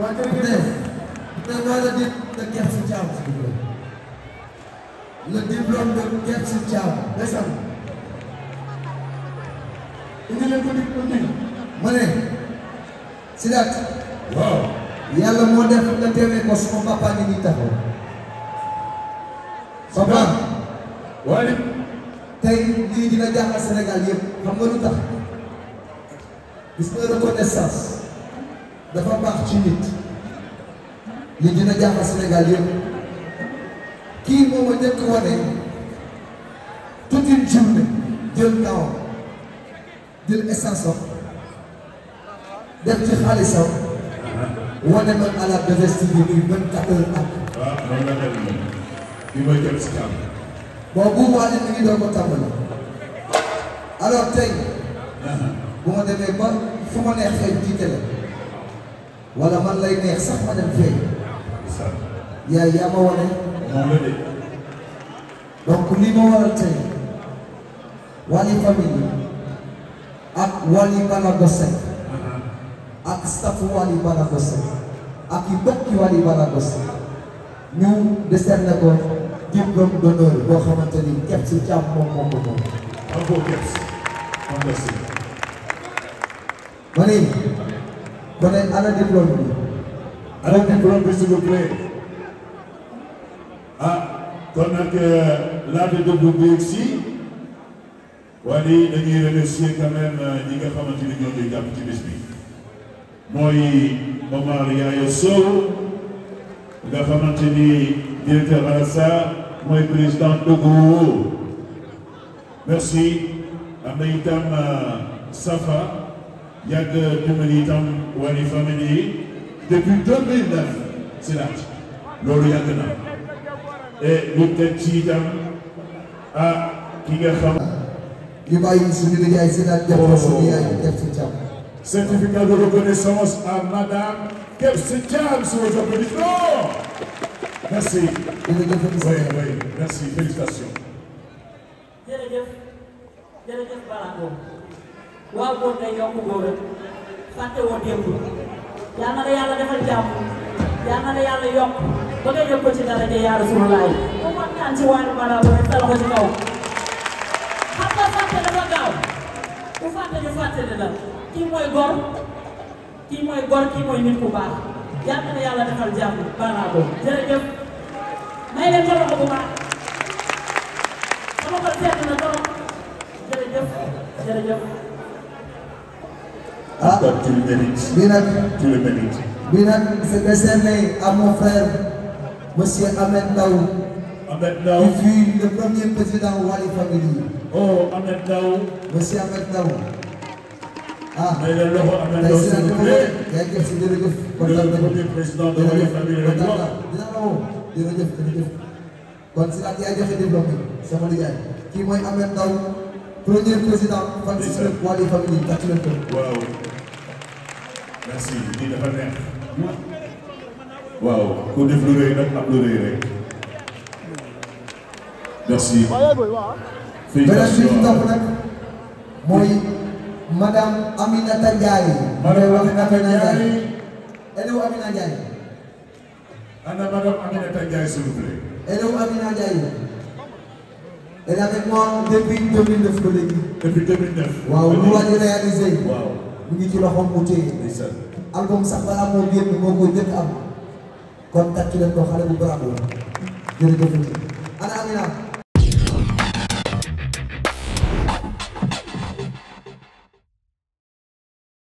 waaw jërëjëf tey mooy le diplôme de Kersi Thiam. le diplôme de Kersi Thiam ndeysaan. indi leen ko diplôme bi. ma ne. Sidaat. waaw. yàlla moo def nga demee ko suma papa ngi nii taxaw. papa. waaye. tey lii dina jaaxal Sénégal yëpp xam nga lu tax. gis nga reconnaissance. dafa baax ci nit li dina jaaxal Sénégal yëpp kii moom a njëkk wane toute une journée jël temps jël essence am def ci xaalisam wane man à la dévestie bi muy vingt-quatre ak. waaw ah, loolu la mel nii ne mi ko tàmbali. alors tey. Ah. bu ma demee ba fu ma neexee jiite la. wala man lay neex sax ma dem fee. yaay yaa ma wane. donc li ma waral tey Wally famille ak Wally Ballago Seck ak staff Wally Ballago Seck ak yi bokki Wally Ballago Seck ñu décerné ko diplôme d'honneur boo xamante ni Kebs Thiam moom moo ko moom. bravo Kebs. merci. ma ne. donnez à la diplôme. À la diplôme, s'il vous plaît. Ah, kon nag euh, laata déglu bi yegg si waa nii dañuy remercier quand même euh, ñi nga xamante ni ñoo ngi jàpp ci bis bi. mooy Omar Yaya Sow nga xamante ni directeur ARASA mooy président Dogo merci am na itam euh, Safa. yàgg dimbali itam wàllu famille depuis 2009 si laaj loolu yàgg na et ñu teg ci itam ah ki nga xam. yu bàyyi suñu liggéey si laaj jàpp suñu yaay def ci jàmm. certificat de reconnaissance madame Kebs Thiam sur vos applaudissements. Oh! merci. jërëjëf oui oui merci félicitations. jërëjëf jërëjëf Balakour. waaw góor day yokk góor a fàtte woo démb yal na la yàlla defal jàmm yal na la yokk ba nga yëg ko ci dara ja yaa Rasulullaay ku kontaan ci waaru marabu rek sal ko ci kaw xam nga fàtte dafa gaaw ku fàtte ñu fàtte ne la kii mooy góor kii mooy góor kii mooy nit ku baax yal na la yàlla defal jàmm marabu jërëjëf may leen jëloon bu baax sama xol seet na trop jërëjëf jërëjëf ah kon tu le mérites. bii nag tu le mérites. bii nag c'est décerné à mon frère monsieur Ahmed Ndao. Ahmed Ndao qui fut le premier président Wally Family. oh Ahmed Ndao. monsieur Ahmed Ndao. ah tey de loxo Ahmed Ndao s'il vous plaît. jërëjëf si jërëjëf. kontaan nañu le président de Wally Family rek moom dina la woo jërëjëf jërëjëf. kon si ak yaay joxe diplôme sama liggéey kii mooy Ahmed Ndao premier président. fan si Wally Family waaw. merci lii dafa neex. waaw ku def lu rëy nag am lu rëy rek. merci. félicitations beneen bi topp nag mooy madame Aminata Ndiaye. madame Aminata Ndiaye. Elew Amina Ndiaye. ana madame Aminata Ndiaye s'il vous plaît. Elew Amina Ndiaye. elle est avec moi depuis 2009 ba léegi. depuis 2009. waaw lu waa di réaliser. waaw. mu ngi ci loxoom mu téye. album sax balaa moo génn moo koy jëkk am kon tàcc leen ko xale bu bravo jërëjëf ana Amina.